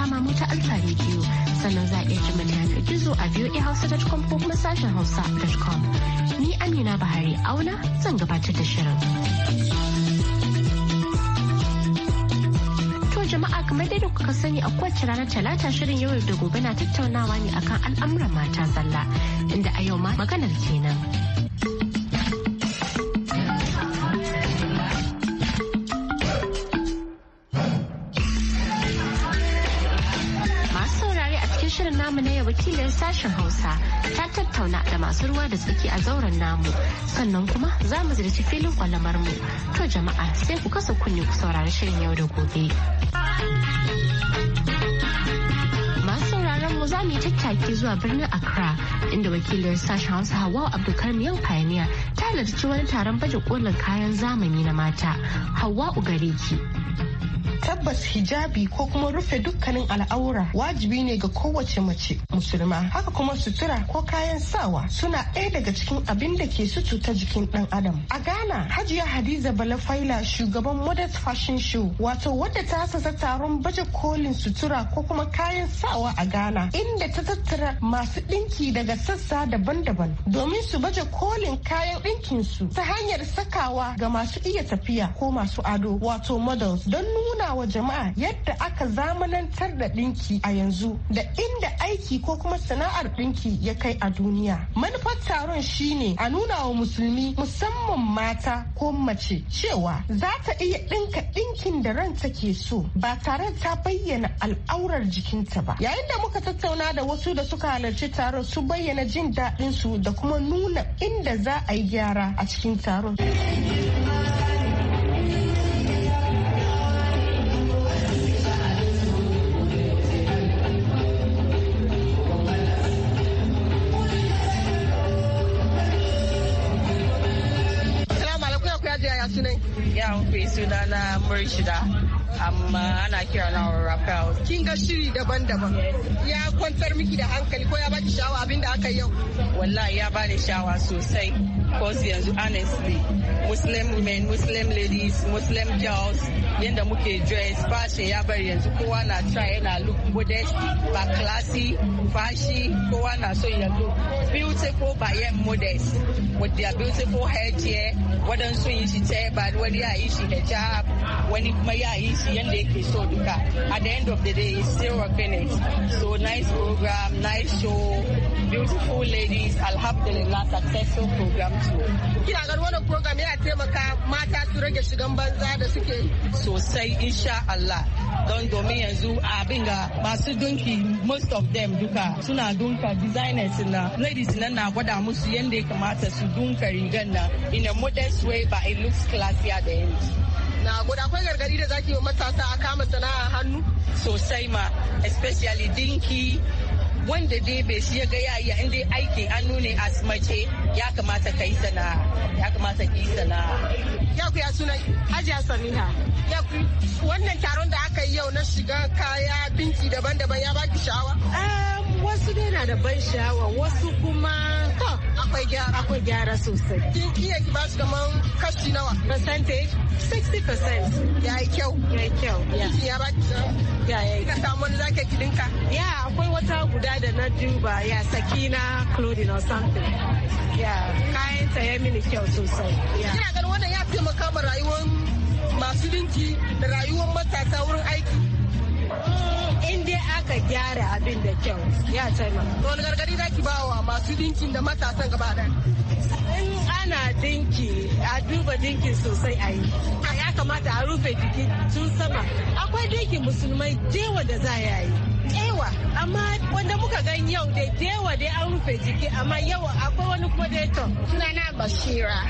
kama mota Alfa Radio sannan za a iya ji yanar gizo a voahausa.com ko kuma sashen hausa.com. Ni Amina Bahari Auna zan gabatar da shirin. jama'a kamar dai da kuka sani a kowace ranar talata shirin yau da gobe na tattaunawa ne akan al'amuran mata zalla inda a yau ma maganar kenan. wakilin sashen hausa ta tattauna da masu ruwa da tsaki a zauren namu sannan kuma za mu ziyarci filin kwalamar mu to jama'a sai ku kasa kunne ku saurari shirin yau da gobe mu za mu yi tattaki zuwa birnin Accra inda wakilin sashen Hausa Hawwa Abdulkarim yan Pioneer ta halarci wani taron baje kolin kayan zamani na mata Hawwa Ugariki tabbas hijabi ko kuma rufe dukkanin al'aura wajibi ne ga kowace mace musulma haka kuma sutura ko kayan sawa suna ɗaya daga cikin abin da ke sututa jikin ɗan adam a ghana hajiya hadiza balafaila shugaban modest fashion show wato wadda ta sasa taron baje kolin sutura ko kuma kayan sawa a ghana inda ta tattara masu ɗinki daga sassa daban-daban domin su baje kolin kayan ɗinkinsu ta hanyar sakawa ga masu iya tafiya ko masu ado wato models don nuna wa jama'a yadda aka zamanantar da ɗinki a yanzu da inda aiki ko kuma sana'ar ɗinki ya kai a duniya. Manufar taron shine a nuna wa musulmi musamman mata ko mace cewa za ta iya ɗinka ɗinkin da ranta ke so ba tare ta bayyana al'aurar jikinta ba. Yayin da muka tattauna da wasu da suka halarci taron su bayyana jin daɗinsu da kuma nuna inda za a yi gyara a cikin taron. sunan? Ya mafi suna na Murshida. amma ana kira na Rafael. Kin ga shiri daban-daban. Ya kwantar miki da hankali ko ya baki shawa abinda aka yau. Wallahi ya bani shawa sosai. Cause yanzu honestly Muslim women, Muslim ladies, Muslim girls yadda muke dress fashion ya bari yanzu kowa na try yana look modest ba classy fashi kowa na so ya look beautiful bayan modest with their beautiful hair waɗansu yi shi tebal wani ya yi shi hijab wani kuma ya yi shi yadda yake so duka at the end of the day it's still a finish so nice program nice show beautiful ladies alhamdulillah successful program too. Kina ganin wannan program yana taimaka mata su rage shigan banza da suke sosai insha Allah. Don domin yanzu abin ga masu dunki most of them duka suna dunka designers na ladies nan na gwada musu yadda ya kamata su dunka rigan na in a modest way but it looks classier da na gwada akwai gargadi da zaki yi wa matasa a kama sana'a hannu sosai ma especially dinki wanda dai bai shi ya ga yaya in dai aiki an nune a mace ya kamata ka yi sana'a ya kamata ki yi sana'a ya ku ya suna hajiya samiha ya ku wannan taron da aka yi yau na shiga kaya binci daban-daban ya baki sha'awa wasu dai na da ban sha'awa wasu kuma To, akwai gyara. Akwai gyara sosai. Kin iya ki ba su kaman kashi nawa? Percentage? 60%. Ya yi kyau. Ya yi kyau. Ya ba ki ya ya yi. samu wani zaka dinka? Ya akwai wata guda da na duba ya sakina clothing or something. Ya kayan ta ya mini kyau sosai. Kina ganin wannan ya taimaka ma rayuwar masu dinki da rayuwar matasa wurin aiki. aka gyara abin da kyau ya taimaka. To wani gargadi za ki bawa masu dinkin da matasan gaba In ana dinki a duba dinkin sosai a yi. Ya kamata a rufe jiki tun sama. Akwai dinkin musulmai jewa da za a yi. Eh, yawa amma wanda muka gan yau da yawa dai an rufe jiki amma akwai wani kuma to bashira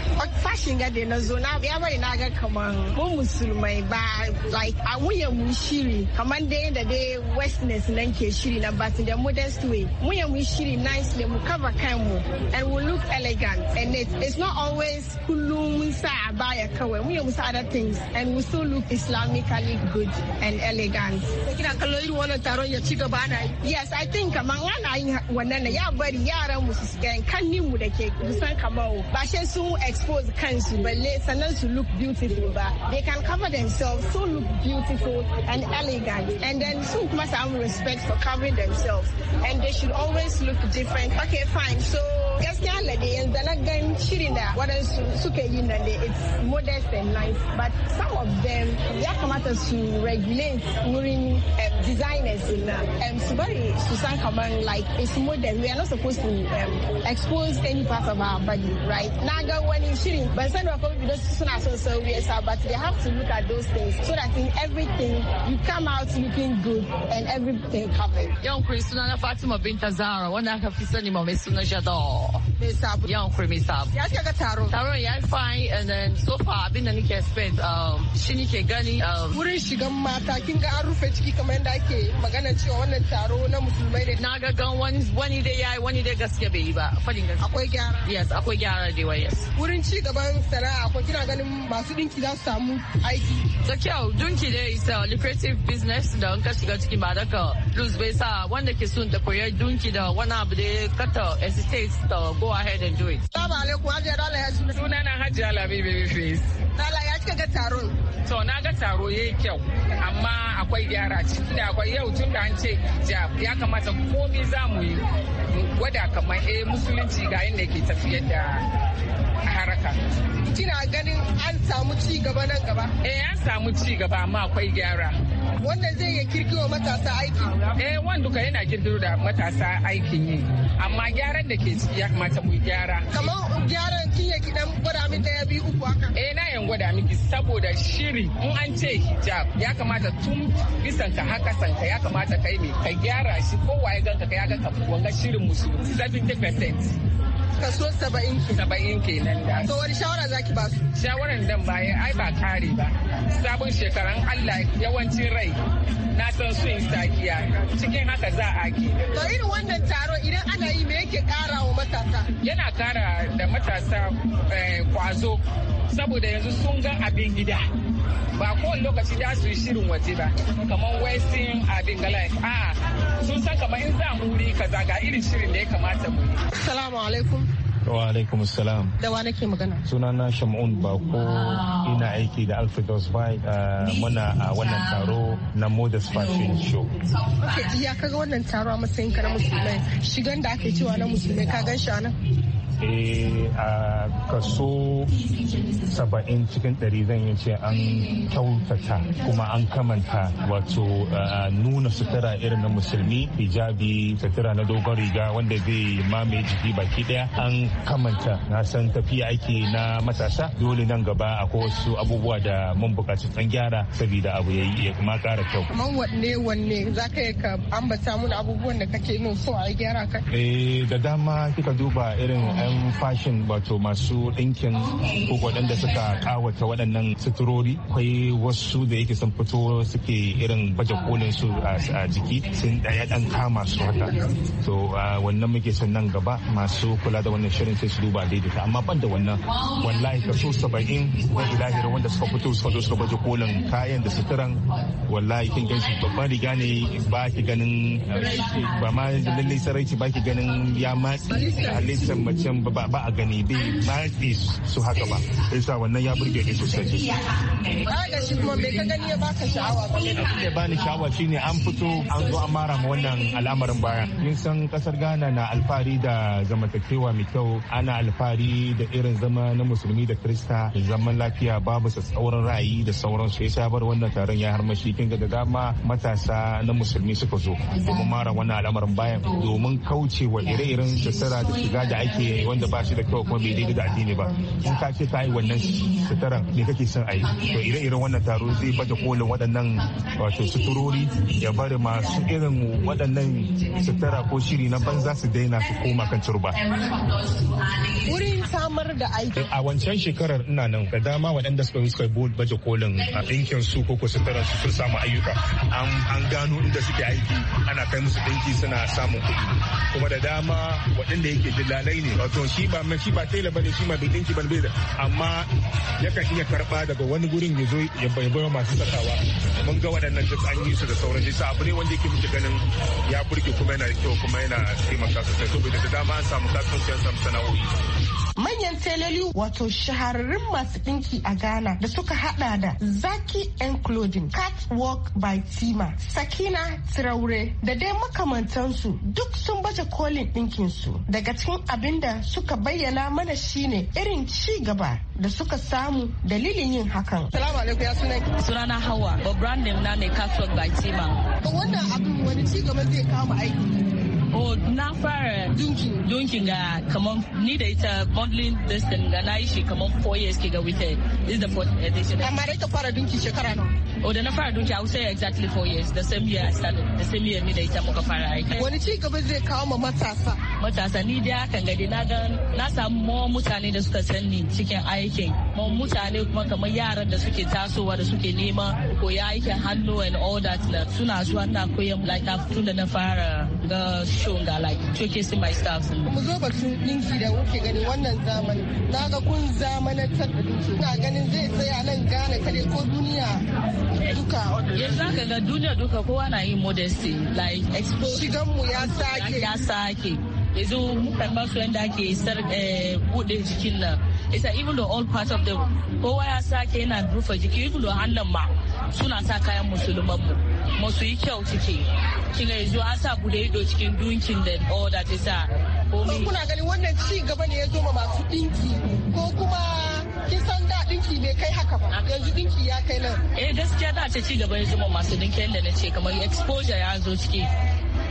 fashin na ya bari na ga mu musulmai ba like a wuya mu shiri dai westness nan ke shiri na but the modest way wuya mu shiri nicely mu cover kanmu and we look elegant and it's not always kullum sa abaya kawai mu mu sa other things and we still look islamically good and elegant kina kallon irin wannan taron ya ci gaba ana yi yes i think kaman ana yin wannan ya bari yaran mu su kannin mu da ke kusan kamar ba shi sun expose kansu balle sannan su look beautiful ba they can cover themselves so look beautiful and elegant and then sun kuma samu respect for covering themselves and they should always look different okay fine so gaskiya lade yanzu na gan shirin da waɗansu suke yi nan da it's modest and nice but some of them ya kamata su regulate wurin um, designers na um, su bari su san kamar like it's modern we are not supposed to um, expose any part of our body right na ga wani shirin ban san da kuma bidan suna son sauye sa but they have to look at those things so that in everything you come out looking good and everything covered. Young kuri suna na Fatima Binta Zara wanda aka fi sani ma mai suna Jador. Me sabu. Yan kuri me sabu. Ya ce ga taro? Taro ya yi fine and then so far abin da nake expect um, shi nake gani. Um, Wurin shigan mata kin ga an rufe ciki kamar yadda ake magana cewa wannan taro na musulmai ne. Na ga gan wani wani dai yayi wani dai gaske bai yi ba. Fadin gaskiya. Akwai gyara. Yes akwai gyara da yawa yes. Wurin ci gaban sana'a ko kina ganin masu dinki za su samu aiki. Da kyau dinki dai is a lucrative business da in ka shiga ciki ba da ka lose bai sa wanda ke son da koyar dinki da wani abu da kata hesitate da go ahead and do it. Salamu alaikum Hajiya Dala ya suna. Suna na Hajiya Lami Baby Face. Dala ya cika ga taron. To na ga taro ya yi kyau amma akwai gyara cikin da akwai yau tun da an ce ya kamata komai za mu yi. Gwada kamar eh musulunci ga inda ke tafiyar da haraka. Kina ganin an samu ci gaba nan gaba? Eh an samu ci gaba amma akwai gyara. wannan zai iya kirkiro matasa aiki eh wanda duka yana kirkiro da matasa aikin yi amma gyaran da ke ciki ya kamata mu gyara kamar gyaran kin kidan gwada min daya biyu uku haka eh na yan gwada miki saboda shiri in an ce hijab ya kamata tun bisan ka haka san ka ya kamata kai ne ka gyara shi kowa ya ganka ka ya ganka ka wanga shirin musulmi 70% kaso saba'in ke saba'in ke nan da to wani shawara zaki ba su shawaran dan baya ai ba kare ba sabon shekaran Allah yawancin rai na san su in sakiya cikin haka za a ke to irin wannan taro idan ana yi me yake kara wa matasa yana kara da matasa kwazo eh, saboda yanzu sun ga abin gida ba kowane lokaci da su yi shirin waje ba kamar westin abin galai a sun san kamar in za mu wuri kaza ga irin shirin da ya kamata mu assalamu alaikum wa alaikum salam da wa nake magana sunana shamun bako ina aiki da alfidos bai uh, muna a wannan taro na modest fashion show ya kaga wannan taro a matsayin ka musulmai shigan da ake cewa na musulmai ka gan shi nan Eh, a kaso saba'in cikin ɗari zan yi ce an kyautata kuma an kamanta wato nuna sutura irin na musulmi hijabi sutura na dogon riga wanda zai mamaye jiki baki ɗaya an kamanta na san tafiya ake na matasa dole nan gaba ko wasu abubuwa da mun bukaci an gyara saboda abu ya yi kuma ƙara kyau. Kaman wanne wanne za ka yi ka ambata mun abubuwan da kake nun so a gyara ka? Eh da dama kika duba irin kayan fashin wato masu ɗinkin ko waɗanda suka kawata waɗannan suturori akwai wasu da yake sun fito suke irin baje kolin su a jiki sun ɗaya ɗan kama su haka to wannan muke son nan gaba masu kula da wannan shirin sai su duba daidaita amma ban da wannan wallahi kaso saba'in na lahira wanda suka fito suka zo suka baje kolin kayan da suturan wallahi kin gan shi babban riga ne ba ki ganin ba ma lallai sarai ba ki ganin ya matsi a lissan macen ba a gani bai matsi su haka ba sa wannan ya burge ni sosai ga shi kuma bai ka gani ya baka sha'awa ba ne da bani sha'awa shine an fito an zo an mara ma wannan al'amarin baya kin san kasar Ghana na alfahari da zamantakewa mai kyau ana alfahari da irin zama na musulmi da krista zaman lafiya babu tsauran ra'ayi da sauransu yasa bar wannan taron ya harmashi kin ga da dama matasa na musulmi suka zo domin mara wannan al'amarin baya domin kaucewa ire-iren tattara da shiga da ake wanda ba shi da kyau kuma bai daidai da addini ba in ka ce ta yi wannan sitaran ne kake son a yi to ire-iren wannan taro zai baje kolin waɗannan wato suturori ya bari masu irin waɗannan sitara ko shiri na banza su daina su koma kan turba. Wurin samar da aiki. A wancan shekarar ina nan da dama waɗanda suka suka baje kolin a ɗinkin su ko sitara su sun samu ayyuka. An gano inda suke aiki ana kai musu ɗinki suna samun kuɗi. Kuma da dama waɗanda yake dillalai ne wato shi ba mai shi ba tela bane shi ma bai dinki bane bai amma yakan iya karba daga wani gurin ya zo ya bayyana masu sakawa mun ga waɗannan duk an yi su da sauran shi abu ne wanda yake muke ganin ya burge kuma yana da kyau kuma yana taimaka sosai saboda da dama an samu kasuwanci an samu sana'o'i manyan teloli wato shahararrun masu ɗinki a Ghana da suka hada da Zaki and Clothing, wok by Tima, Sakina tiraure da dai makamantansu duk sun baje kolin ɗinkinsu. Daga cikin abin da suka bayyana mana shine irin ci gaba da suka samu dalilin yin hakan. Salamu ya sunan Hawa, ba brand name na ne by Tima. Wannan abin wani ci gaba zai kama aiki O oh, na fara dunkin dunkin ga kaman ni da ita bundling distance ga na yi shi kaman 4 years ke ga with it is the fourth edition amma da ita fara dunki shekara na. O oh, da na fara dunki, I say exactly four years. The same year I started. The same year ni da ita muka fara aiki. Wani ci gaba zai kawo ma matasa matasa ni dai hakan gadi na ga na samu mawa mutane da suka ni cikin aikin ma mutane kuma kamar yaran da suke tasowa da suke nema koya aikin hannu and all that na suna zuwa na koyan like tun da na fara ga show ga like showcasing my staff. Mu zo batun dinki da kuke gani wannan zamani. Na ga kun zamanantar da dinki. Ina ganin zai tsaya nan gane kare ko duniya duka. Yanzu haka ga duniya duka kowa na yin modesty like expo. Shigan mu ya sake. Ya sake. ya zo mukan ba su yadda ake eh, buɗe jikin nan it's a, even though all parts of the kowa ya sake yana rufe jiki even though hannun ma suna sa kayan musulman mu masu yi kyau ciki kin ga yanzu an sa bude ido cikin dunkin da all that is a komi kuna ganin wannan ci gaba ne ya zo ma masu dinki ko kuma kin san da dinki bai kai haka ba yanzu dinki ya kai nan eh gaskiya da ce ci gaba ya zo ma masu dinki yadda na ce kamar exposure ya zo ciki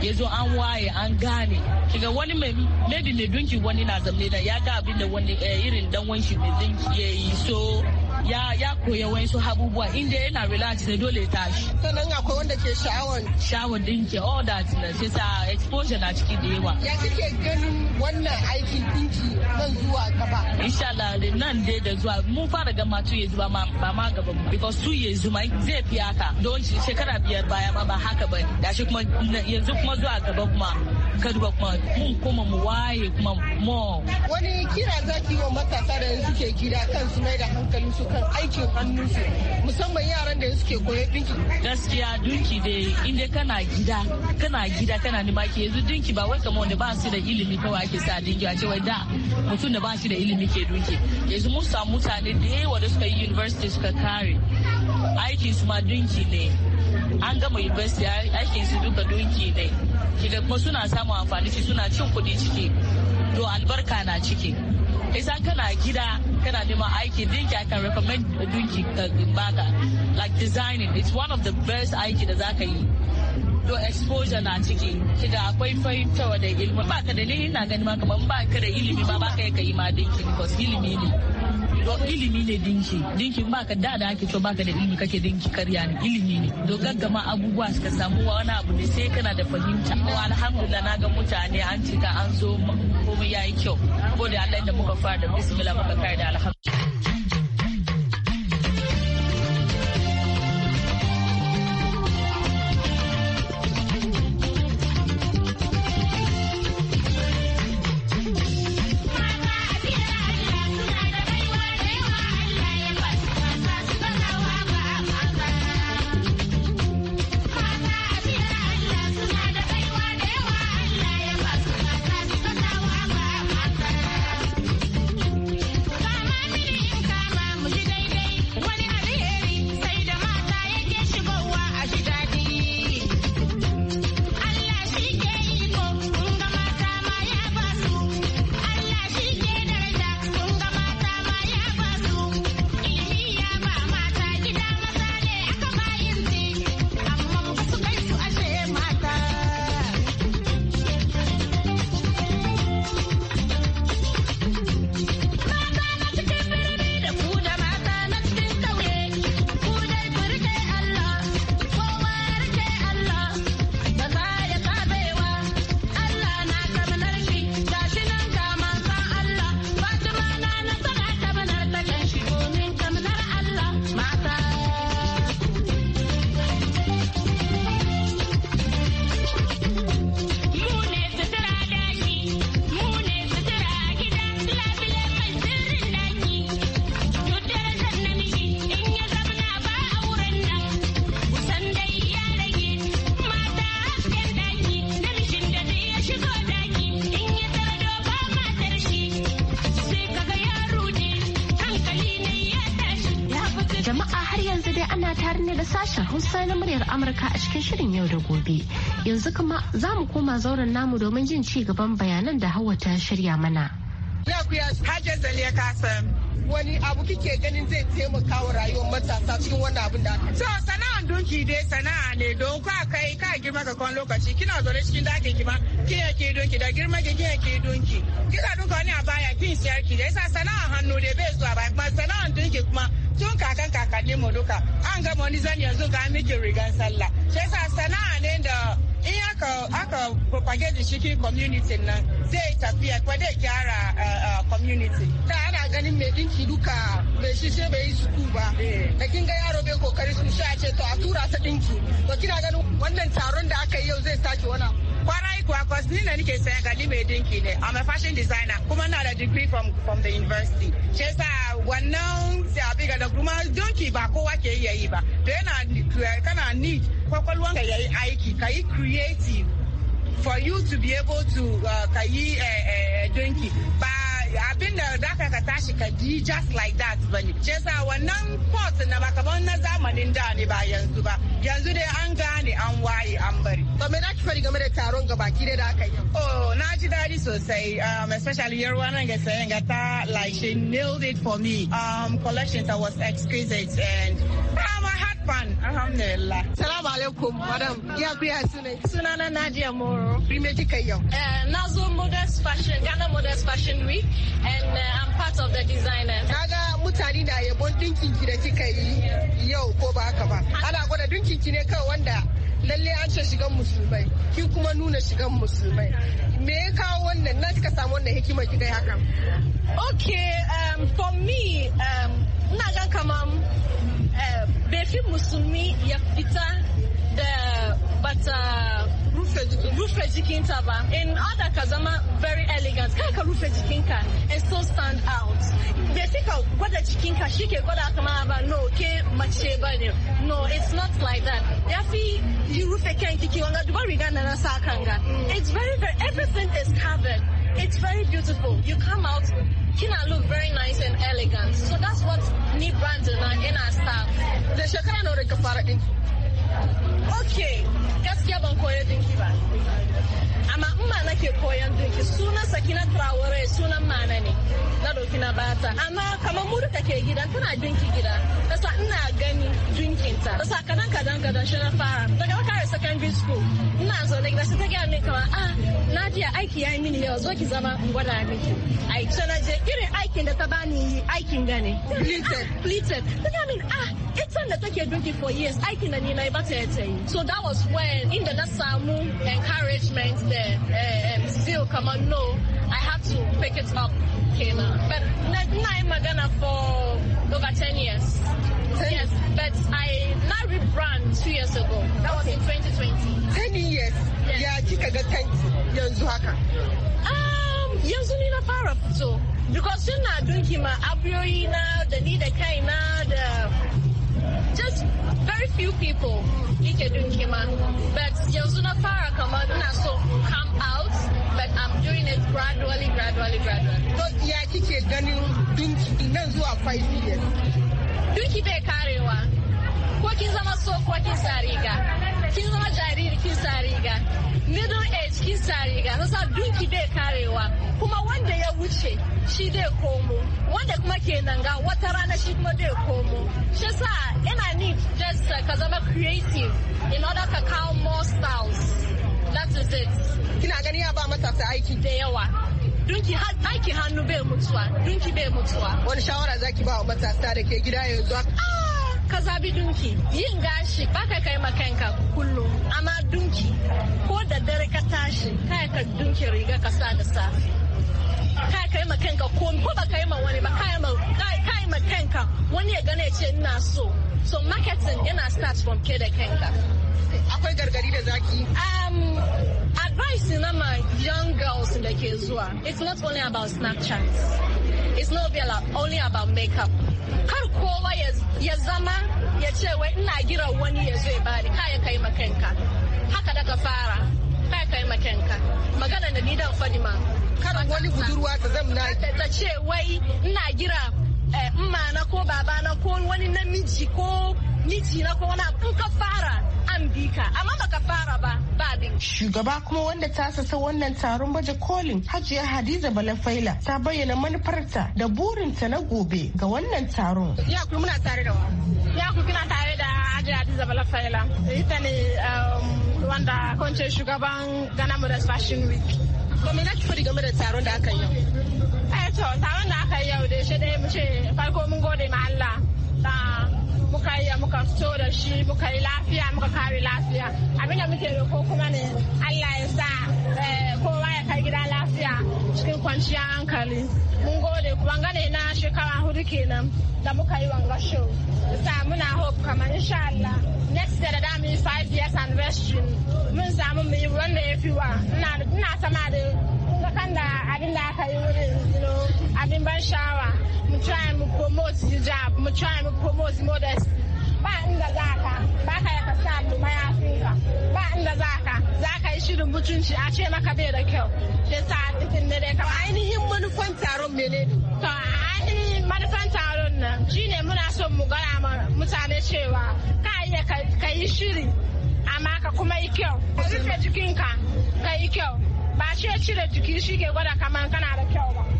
ya zo an waye an gane kiga wani mai maybe mai dunki wani na zamne da ya ga abin da wani eh, irin dan wanki mai ya yi so ya ya koya wasu abubuwa inda yana relax da dole tashi sannan akwai wanda ke sha'awar sha'awar dinki all that na sai sa exposure na ciki da yawa ya kike ganin wannan aikin dinki zan zuwa gaba insha Allah da nan dai da zuwa mun fara gama two yanzu ba ma ba ma gaba mu because two yanzu ma zai fi haka don shekara biyar baya ma ba haka ba da kuma yanzu kuma zuwa gaba kuma gaduwa kuma mun kuma mu waye kuma mo. Wani kira za ki yi wa matasa da yanzu ke gida kan su mai da hankali su kan aikin hannun su musamman yaran da suke koyo dinki. Gaskiya dinki dai inda kana gida kana gida kana nima ke yanzu dinki ba wai kamar wanda ba su da ilimi kawai ake sa dinki a cewa da mutum da ba shi da ilimi ke dinki. Yanzu mun samu mutane da yawa da suka yi university suka kare aikin su ma dinki ne. an gama university aikin su duka doki ne kida kuma suna samun amfani shi suna cin kuɗi ciki to albarka na ciki isa kana gida kana nema aiki dinki i can recommend dinki eh, baka like designing it's one of the best aiki da zaka yi to exposure na ciki kiga akwai fahimtawa da ilimi ba ka da na gani ma kamar ba ka da ilimi ba ba kai ka yi ma dinki because ilimi ne ilimi ne dinki dinki baka da da ake cewa baka da ilimi kake dinki karya ne ilimi ne do gaggama abubuwa suka samu wani abu ne sai kana da fahimta alhamdulillah na ga mutane an cika an zo komai yayi kyau ko da Allah da muka fara da bismillah muka kai da alhamdulillah gobe. Yanzu kuma za mu koma zauren namu domin jin ci gaban bayanan da Hauwa ta shirya mana. Na kuya Hajar Zaliya Kasan wani abu kike ganin zai taimaka wa rayuwar matasa cikin wannan abin da aka. So sana'an dunki dai sana'a ne don ka kai ka girma ga kwan lokaci kina zaune cikin dakin ki ma ya ke dunki da girma ki ya ke dunki Kina duka wani a baya kin siyar ki da yasa sana'an hannu dai bai zuwa ba kuma sana'an dunki kuma tun kakan kakannin mu duka an gama wani zan yanzu ga miki rigan sallah shi yasa sana'a ne da in aka aka propagate cikin community nan zai tafiya ko zai gyara eh, eh, community da ana ganin mai dinki duka bai shi sai bai yi suku ba da kin ga yaro bai kokari su shi a ce to a tura ta dinki to kina ganin wannan taron da aka yi yau zai sake wani Kwarai kuwa kwas ni da nake saya gali mai dinki ne. I'm a fashion designer kuma na da degree from from the university. Shi yasa wannan zabi ga da kuma dinki ba kowa ke iya yi ba. To yana kana need kwakwalwan ka yayi aiki ka yi creative for you to be able to uh, ka yi uh, eh, uh, eh, dinki. Ba abin da za ka tashi ka bi just like that ba ne ce wannan port na ba na zamanin da ne ba yanzu ba yanzu dai an gane an waye an bari to me za ki fari game da taron gabaki da aka yi oh na ji daɗi sosai um, especially yar wannan ga sayan ta like she nailed it for me um, collections was exquisite and um, Fan alhamdulillah. Salamu alaikum, madam. Ya kuya sune. Sunana Nadia Moro. Rime kika yau. Eh, na zo Modest Fashion, Ghana Modest Fashion Week, and uh, I'm part of the designer. Kaga mutane na yabon dinkin ki da kika yi yau ko ba haka ba. Ana gwada dinkin ki ne kawai wanda lalle an ce shigan musulmai ki kuma nuna shigan musulmai me ya kawo wannan na kika samu wannan hikimar ki kai haka okay um, for me um, ina ga kaman bai eh, fi musulmi ya fita da bata uh, rufe jikinta ba in order ka zama very elegant kai ka rufe jikinka and so stand out bai fi oh, ka gwada jikinka shi ke gwada kama ba no ke mace ba ne no it's not like that ya fi ki rufe kanki ki wanga duba riga na na sa kanga it's very very everything is covered it's very beautiful you come out kina look very nice and elegant. So that's what ni brand na ina staff. Da shekara nawa da ka fara dinki? Okay, gaskiya ban koya dinki ba. amma in ma nake koyan dinki sunan sakina traore sunan mana ne na doki na bata amma kamar mu duka ke gida tana dinki gida kasa ina gani dinkin ta kasa kadan kadan kadan shi na fara daga kare secondary school ina zo na gida sai ta gaya min kamar ah Nadia aiki yayi mini yau zo ki zama in gwada miki ai sai na je irin aikin da ta bani aikin gane pleated pleated ta gaya min ah ita da take dinki for years aikin da ni na ba ta yi so that was when inda na samu encourage punishment there and eh, eh, still come on, no, I have to pick it up. Kayla. But now I'm Magana for over 10 years. 10 yes, but I now rebrand two years ago. That okay. was in 2020. 10 years? Yes. Yeah, kika got ten. yanzu haka. Um, yanzu ni na fara fito. Because suna dunki him uh, a na da ni da kaina da just very few people nike doing kima but yanzu na fara kamar ina so come out but I'm doing it gradually gradually gradually to ya kike ganin dunki nan zuwa 5 years dunki bai karewa ko kin zama so ko kin sa riga kin zama jariri kin sa riga middle age kin sa riga sa dunki bai karewa kuma wanda ya wuce shi zai komo wanda kuma ke nan ga wata rana shi kuma zai komo shi sa ina need just uh, ka zama creative in order ka kawo more styles that is it kina gani ya ba matasa aiki da yawa dunki aiki hannu bai mutuwa dunki bai mutuwa wani shawara zaki ba wa matasa da ke gida yanzu ka zabi dunki yin gashi ba kai kai makanka kullum amma dunki ko da dare ka tashi kai ka dunki riga ka sa da safe kai kai ma kanka ko ko ba kai ma wani ba kai ma kai ma kanka wani ya gane ce ina so so marketing yana start from ke da kanka akwai gargari da zaki um advice na my young girls da ke zuwa it's not only about snapchat it's not only about makeup kar kowa ya zama ya ce wai ina gira wani ya zo ya bani kaya kai makanka haka daga fara kaya kai makanka magana da ni dan fadi ma kada wani budurwa ta zamna ta ce wai ina gira in eh, na ko baba na ko wani namiji ko miji na ko wani abu ka fara an bi ka amma baka fara ba ba din shugaba kuma wanda ta sasa wannan taron baje kolin hajiya hadiza balafaila ta bayyana manufarta da burinta na gobe ga wannan taron ya ku muna tare da wa ya ku kina tare da hajiya hadiza balafaila ita ne um, wanda kwance shugaban Ghana Modest Fashion Week. To me nake game da taron da aka yi yau? Eh to taron da aka yi yau da shi dai mu ce farko mun gode ma Allah muka yi muka fito da shi muka yi lafiya muka kare lafiya abinda muke ko kuma ne Allah ya sa eh, kowa ya kai gida lafiya cikin kwanciyar hankali mun gode kuma gane na shekara hudu kenan da muka yi wanga show sa muna hope kamar insha Allah next year da da mu yi five years anniversary mun samu mu yi wanda ya fi wa ina sama da kan da abin da aka yi wurin abin ban sha'awa mu try mu promote hijab mu try mu promote modesty ba inda za ka ba ka ya kasa mayafinka ba inda za ka za ka yi shirin mutunci a ce maka bai da kyau shi sa titin ne dai kawai ainihin manufan taron mene to ainihin manufan taron nan shine muna son mu gaya ma mutane cewa ka iya ka yi shiri amma ka kuma yi kyau ka rufe jikinka ka yi kyau ba ce cire jiki shi ke gwada kaman kana da kyau ba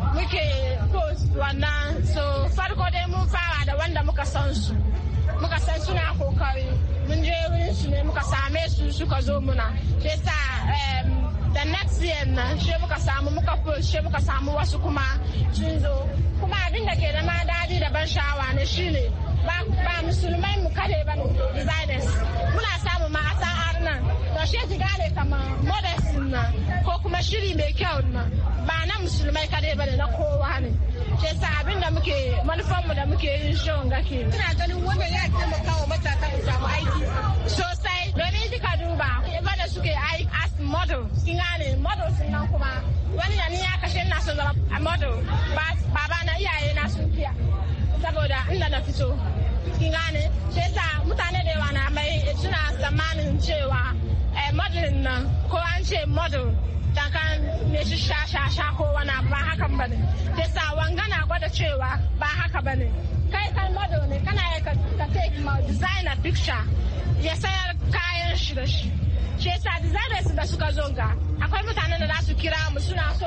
muke post wannan so farko dai mun fara da wanda muka san su muka san suna kokari mun je wurin su ne muka same su suka zo muna shi sa da next year na she muka samu muka push shi muka samu wasu kuma sun zo kuma abin da ke da ma dadi da ban sha'awa ne shine ba musulmai mu kare ba designers muna samu ma a nan to she ki gane kama modestin na ko kuma shiri mai kyau na ba na musulmai kadai ba na kowa ne ke sa abin da muke manufanmu da muke yin shon gake ina ganin ya taimaka wa matasa su samu aiki sosai domin kika duba wanda suke aiki as model sun gane model sun nan kuma wani ni ya kashe na son zama model na iyaye na sun fiya saboda inda na fito gane mutane da nan ko an ce model takan me shi sha sha sha ko wani ba ba ne. da sa wangana gwada cewa ba haka bane kai kai model ne kana yi ka take ma designer picture ya sayar kayan shi da shi shi yasa designers da suka zo ga akwai mutanen da za su kira mu suna so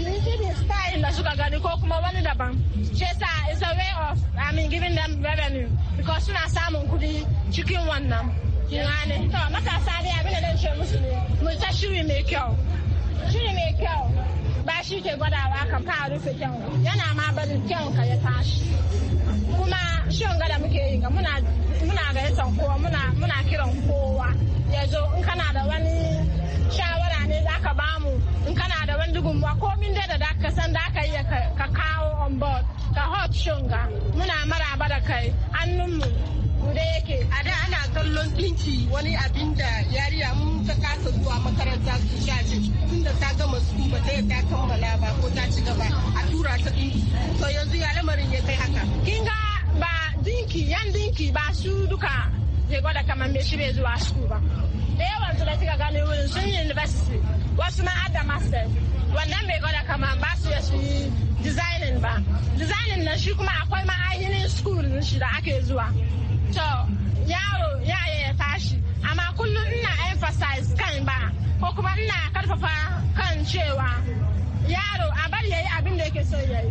irin style da suka gani ko kuma wani daban shi yasa is a way of i mean giving them revenue because suna samun kudi cikin wannan ne to matasa ne abin da zan ce musu ne mu ta shiri mai kyau shiri mai kyau ba shi ke gwadawa kan ka rufe kyau yana ma barin kyau ka ya tashi kuma shirin gada muke yi ga muna muna gayyatar kowa muna muna kiran kowa ya zo in kana da wani shawara ne za ka bamu in kana da wani gudunmuwa komin da da ka san da ka iya ka kawo on board ka hot shunga muna maraba da kai hannunmu da yake a da ana kallon ɗinki wani abin da yariya mun ta kasa zuwa makaranta su sha ce tunda ta gama su ba ta ta kammala ba ko ta ci gaba a tura ta ɗinki to yanzu ya lamarin ya kai haka kin ga ba dinki yan dinki ba su duka zai gwada kamar me shi bai zuwa su ba da yawan su da kika gani wurin sun yi university wasu na adda masters wannan bai gwada kamar ba su ya su yi designing ba designing na shi kuma akwai ma ainihin school shi da ake zuwa to yaro ya ya tashi amma kullum ina emphasize kan ba ko kuma ina karfafa kan cewa yaro a bari yayi abin da yake so yayi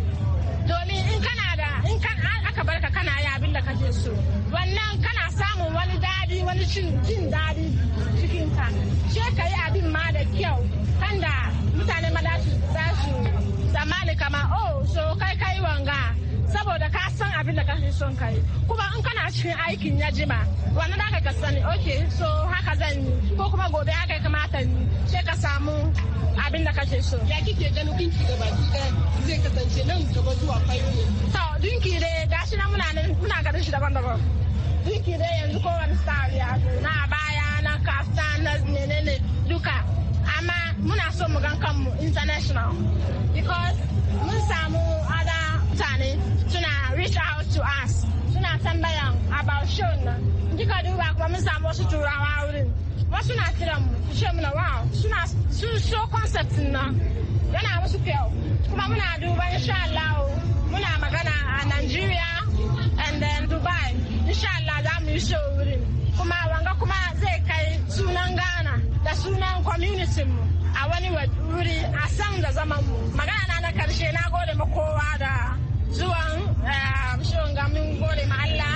domin in kana da in kan aka barka kana yi abin da kake so wannan kana samun wani dadi wani jin dadi cikin ka she ka yi abin ma da kyau kan da mutane ma za su son ka yi kuma in kana cikin aikin ya jima wani da ka sani ok so haka zan yi ko kuma gobe haka kamata ni sai ka samu abin da kake so ya kike ganin dinki da baki ɗaya zai kasance nan gaba zuwa fayo ne to dinki dai gashi na muna muna ganin shi daban-daban dinki dai yanzu kowane style ya zo na baya na kafta na menene duka amma muna so mu gan kanmu international because mun samu ada mutane suna reach out to us suna tambayan about show nan kika duba kuma mun samu wasu turawa wurin wasu na kiran mu su ce muna wow suna su so concept nan yana musu kyau kuma muna duba insha Allah muna magana a Nigeria and then Dubai insha Allah za mu yi show wurin kuma wanga kuma zai kai sunan Ghana da sunan community mu a wani wuri a san da zaman mu magana na na karshe na gode ma kowa da zuwan um, shirin ga mun gode ma Allah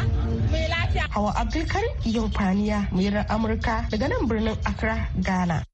mu lafiya. Hawa Abdulkarim Yau Faniya, Amurka daga nan birnin Accra, Ghana.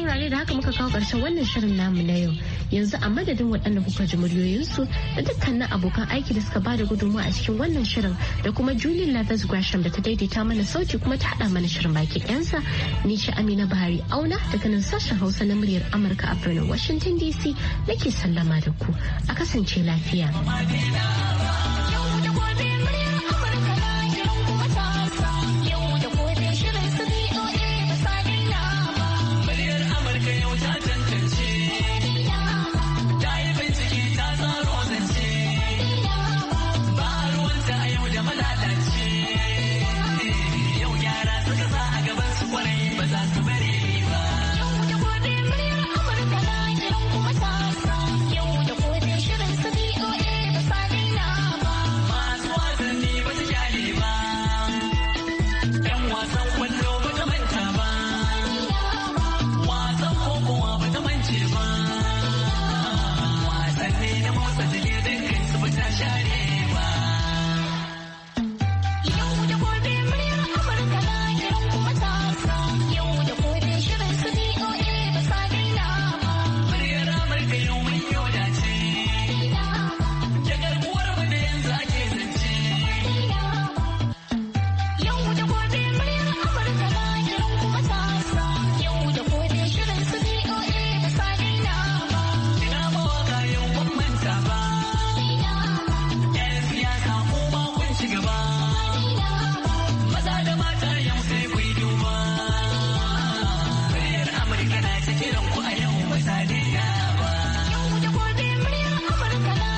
saurare da haka muka kawo ƙarshen wannan shirin namu na yau yanzu a madadin waɗanda kuka ji muryoyinsu da dukkanin abokan aiki da suka ba da gudunmawa a cikin wannan shirin da kuma julian lafes Gresham da ta daidaita mana sauti kuma ta haɗa mana shirin baki ɗansa ni ce Amina Bahari Auna daga nan sashen Hausa na muryar Amurka a birnin Washington DC nake sallama da ku a kasance lafiya.